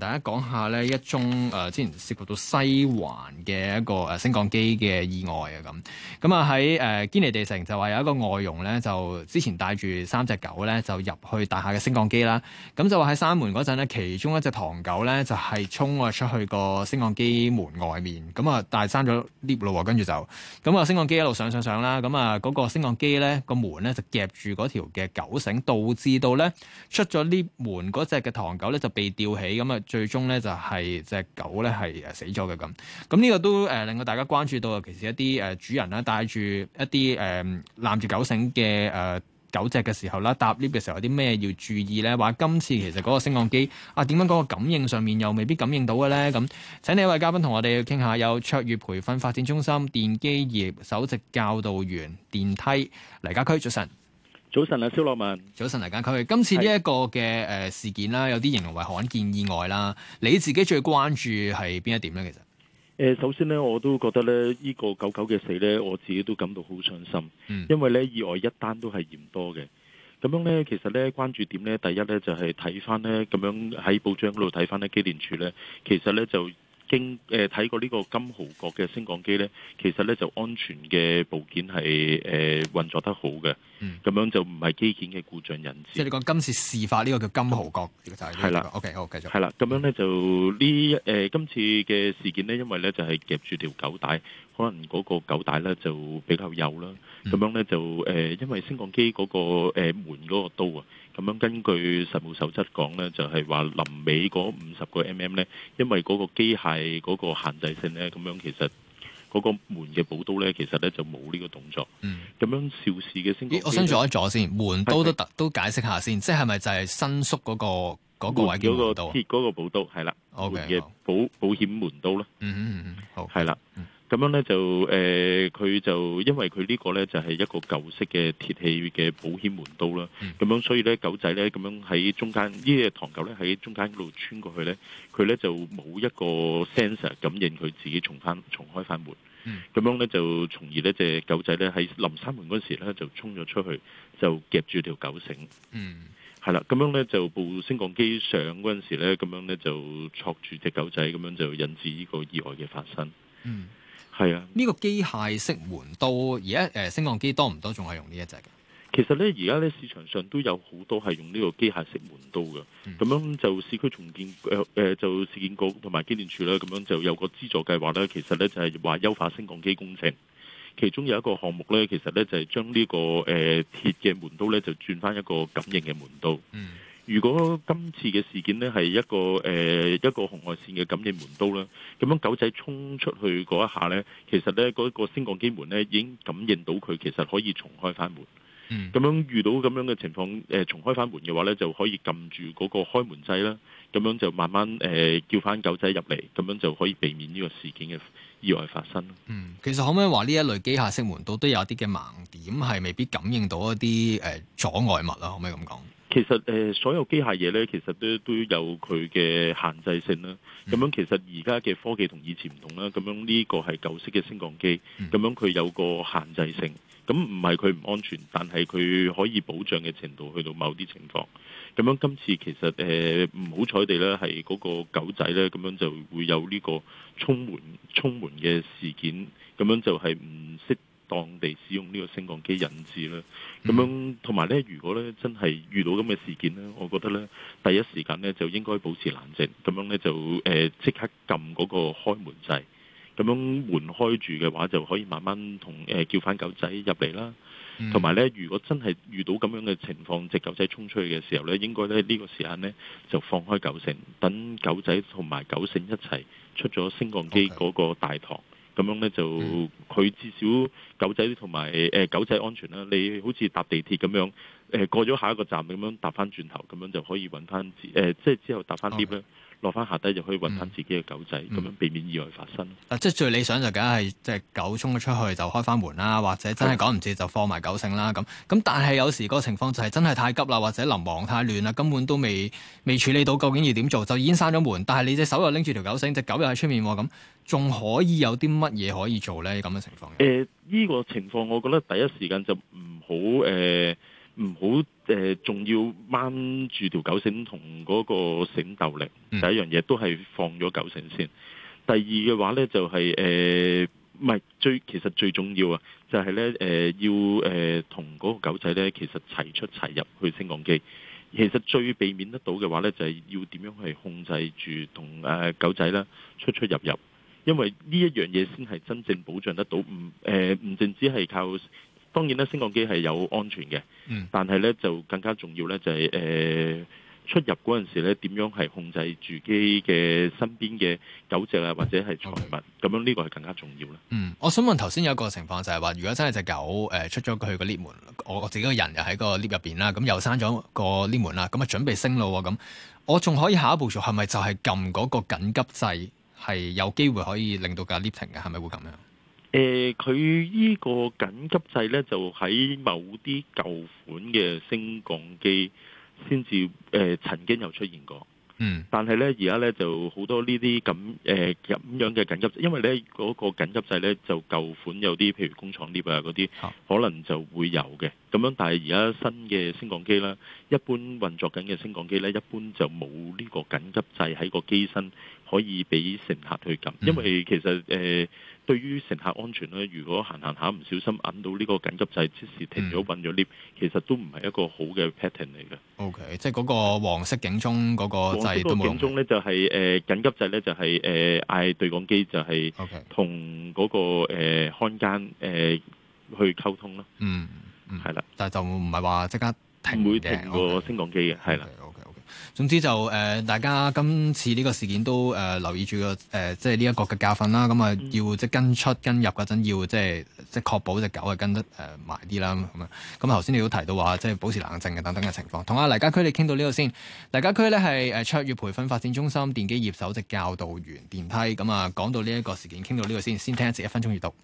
大家講下咧一宗誒、呃、之前涉及到西環嘅一個誒升降機嘅意外啊，咁咁啊喺誒堅尼地城就話有一個外傭咧就之前帶住三隻狗咧就入去大廈嘅升降機啦，咁就話喺閂門嗰陣咧，其中一隻唐狗咧就係、是、衝外出去個升降機門外面，咁啊但係閂咗 lift 咯，跟住就咁啊升降機一路上上上啦，咁啊嗰個升降機咧個門咧就夾住嗰條嘅狗繩，導致到咧出咗 lift 門嗰隻嘅唐狗咧就被吊起咁啊！最終咧就係隻狗咧係誒死咗嘅咁，咁、這、呢個都誒令到大家關注到，尤其是一啲誒主人咧帶住一啲誒攬住狗繩嘅誒狗隻嘅時候啦，搭 lift 嘅時候有啲咩要注意咧？話今次其實嗰個升降機啊點樣嗰個感應上面又未必感應到嘅咧？咁請你一位嘉賓同我哋傾下，有卓越培訓發展中心電機業首席教導員電梯黎家駒，早晨。早晨啊，蕭樂文。早晨啊，家駒。今次呢一個嘅，誒事件啦，是有啲形容為罕見意外啦。你自己最關注係邊一點咧？其實誒，首先呢，我都覺得咧呢、這個狗狗嘅死咧，我自己都感到好傷心。嗯、因為咧意外一單都係嫌多嘅。咁樣咧，其實咧關注點咧，第一咧就係睇翻咧咁樣喺報章嗰度睇翻呢機電處咧，其實咧就經誒睇、呃、過呢個金豪閣嘅升降機咧，其實咧就安全嘅部件係誒運作得好嘅。嗯，咁樣就唔係機件嘅故障人士。即係你講今次事發呢個叫金豪角，就係呢個。係啦，OK，好，繼續。係啦，咁樣咧就呢一誒今次嘅事件咧，因為咧就係夾住條狗帶，可能嗰個狗帶咧就比較幼啦。咁樣咧就誒，因為升降機嗰個誒門嗰個刀啊，咁樣根據實務守則講咧，就係話臨尾嗰五十個 mm 咧，因為嗰個機械嗰個限制性咧，咁樣其實。嗰個門嘅寶刀咧，其實咧就冇呢個動作。嗯，咁樣肇事嘅升降機。咦，我想一咗先，門刀都特的都解釋下先，即係咪就係伸縮嗰、嗰個嗰個位叫到啊？嗰個鐵嗰個寶刀係啦。我嘅 Okay, 保好保，保險門刀咯。嗯哼嗯嗯，好，係啦了。嗯。咁樣咧就誒，佢、呃、就因為佢呢個咧就係、是、一個舊式嘅鐵器嘅保險門刀啦。咁、嗯、樣所以咧狗仔咧咁樣喺中間，這個、呢隻唐狗咧喺中間嗰度穿過去咧，佢咧就冇一個 sensor 感，感應佢自己重翻重開翻門。咁、嗯、樣咧就從而呢隻狗仔咧喺臨閂門嗰時咧就衝咗出去，就夾住條狗繩。嗯，係啦，咁樣咧就部升降機上嗰陣時咧，咁樣咧就戳住隻狗仔，咁樣就引致呢個意外嘅發生。嗯。係啊，呢個機械式門刀而家誒升降機多唔多？仲係用呢一隻？其實呢，而家呢市場上都有好多係用呢個機械式門刀嘅。咁樣就市區重建誒、呃、就市建局同埋機電處咧，咁樣就有個資助計劃呢。其實呢，就係、是、話優化升降機工程，其中有一個項目呢，其實呢，就係、是、將呢、這個誒、呃、鐵嘅門刀呢，就轉翻一個感應嘅門刀。嗯。如果今次嘅事件呢，係一個誒、呃、一個紅外線嘅感應門刀啦，咁樣狗仔衝出去嗰一下呢，其實呢嗰、那個升降機門呢，已經感應到佢，其實可以重開翻門。咁樣遇到咁樣嘅情況，誒、呃、重開翻門嘅話呢，就可以撳住嗰個開門掣啦。咁樣就慢慢誒、呃、叫翻狗仔入嚟，咁樣就可以避免呢個事件嘅意外發生。嗯，其實可唔可以話呢一類機械式門刀都有啲嘅盲點，係未必感應到一啲誒、呃、阻礙物啊？可唔可以咁講？其實誒、呃、所有機械嘢咧，其實都都有佢嘅限制性啦。咁樣其實而家嘅科技同以前唔同啦。咁樣呢個係舊式嘅升降機，咁樣佢有個限制性。咁唔係佢唔安全，但係佢可以保障嘅程度去到某啲情況。咁樣今次其實誒唔好彩地咧，係、呃、嗰個狗仔咧，咁樣就會有呢個充滿充滿嘅事件。咁樣就係唔識當地使用呢個升降機引致啦，咁樣同埋呢，如果呢真係遇到咁嘅事件呢，我覺得呢第一時間呢，就應該保持冷靜，咁樣呢，就誒即、呃、刻撳嗰個開門掣，咁樣門開住嘅話就可以慢慢同誒、呃、叫翻狗仔入嚟啦。同埋呢，如果真係遇到咁樣嘅情況，隻狗仔衝出去嘅時候呢，應該呢呢、呢個時間呢，就放開狗繩，等狗仔同埋狗繩一齊出咗升降機嗰個大堂。Okay. 咁樣咧就佢、嗯、至少狗仔同埋誒狗仔安全啦。你好似搭地鐵咁樣。誒過咗下一個站咁樣搭翻轉頭，咁樣就可以揾翻自誒、呃，即係之後搭翻 lift 咧，嗯、落翻下低就可以揾翻自己嘅狗仔，咁、嗯嗯、樣避免意外發生。嗱、啊，即係最理想就梗係隻狗衝咗出去就開翻門啦，或者真係趕唔住就放埋狗繩啦。咁咁，但係有時個情況就係真係太急啦，或者臨忙太亂啦，根本都未未處理到究竟要點做，就已經閂咗門。但係你隻手又拎住條狗繩，隻狗又喺出面咁，仲、喔、可以有啲乜嘢可以做咧？咁嘅情況？誒、呃，呢、這個情況我覺得第一時間就唔好誒。呃呃呃呃呃呃呃唔好誒，仲、呃、要掹住條狗繩同嗰個繩鬥力，mm. 第一樣嘢都係放咗狗繩先。第二嘅話呢，就係、是、誒，唔、呃、係最其實最重要啊、就是，就係呢誒，要誒同嗰個狗仔呢，其實齊出齊入去升降機。其實最避免得到嘅話呢，就係、是、要點樣去控制住同誒、呃、狗仔呢出出入入，因為呢一樣嘢先係真正保障得到。唔誒，唔淨止係靠。當然啦，升降機係有安全嘅，嗯、但係咧就更加重要咧，就係誒出入嗰陣時咧，點樣係控制住機嘅身邊嘅狗隻啊，或者係財物，咁、嗯、樣呢個係更加重要啦。嗯，我想問頭先有一個情況就係、是、話，如果真係隻狗誒、呃、出咗去個 lift 門，我自己個人又喺個 lift 入邊啦，咁又閂咗個 lift 門啦，咁啊準備升路喎，咁我仲可以下一步做係咪就係撳嗰個緊急掣，係有機會可以令到架 lift 停嘅？係咪會咁樣？誒，佢呢、呃、個緊急掣呢，就喺某啲舊款嘅升降機先至誒，曾經有出現過。嗯，但係咧，而家咧就好多呢啲咁誒，咁樣嘅緊急掣，因為咧嗰、嗰個緊急掣咧就舊款有啲，譬如工廠 lift 啊嗰啲，可能就會有嘅。咁樣，但係而家新嘅升降機啦，一般運作緊嘅升降機咧，一般就冇呢個緊急掣喺個機身可以俾乘客去撳，嗯、因為其實誒、呃、對於乘客安全咧，如果行行下唔小心揞到呢個緊急掣，即時停咗運咗 lift，其實都唔係一個好嘅 pattern 嚟嘅。O、okay, K，即係嗰個黃色警鐘，個掣都冇用警鐘咧就係誒緊急掣咧，就係誒嗌對講機，就係、是、同 Okay.、嗰個誒、呃、看監誒、呃、去溝通咯、嗯。嗯，係啦的，但係就唔係話即刻停。唔會停個升降機嘅，係啦。總之就誒，大、呃、家今次呢個事件都誒、呃、留意住個誒，即係呢一個嘅教訓啦。咁啊，要即係跟出跟入嗰陣，要即係即係確保隻狗係跟得誒埋啲啦。咁、呃、啊，咁頭先你都提到話，即係保持冷靜嘅等等嘅情況。同阿、啊、黎家駒你傾到呢度先。黎家駒咧係誒卓越培訓發展中心電機業首席教導員電梯。咁啊，講到呢一個事件，傾到呢度先。先聽一次，一分鐘閱讀。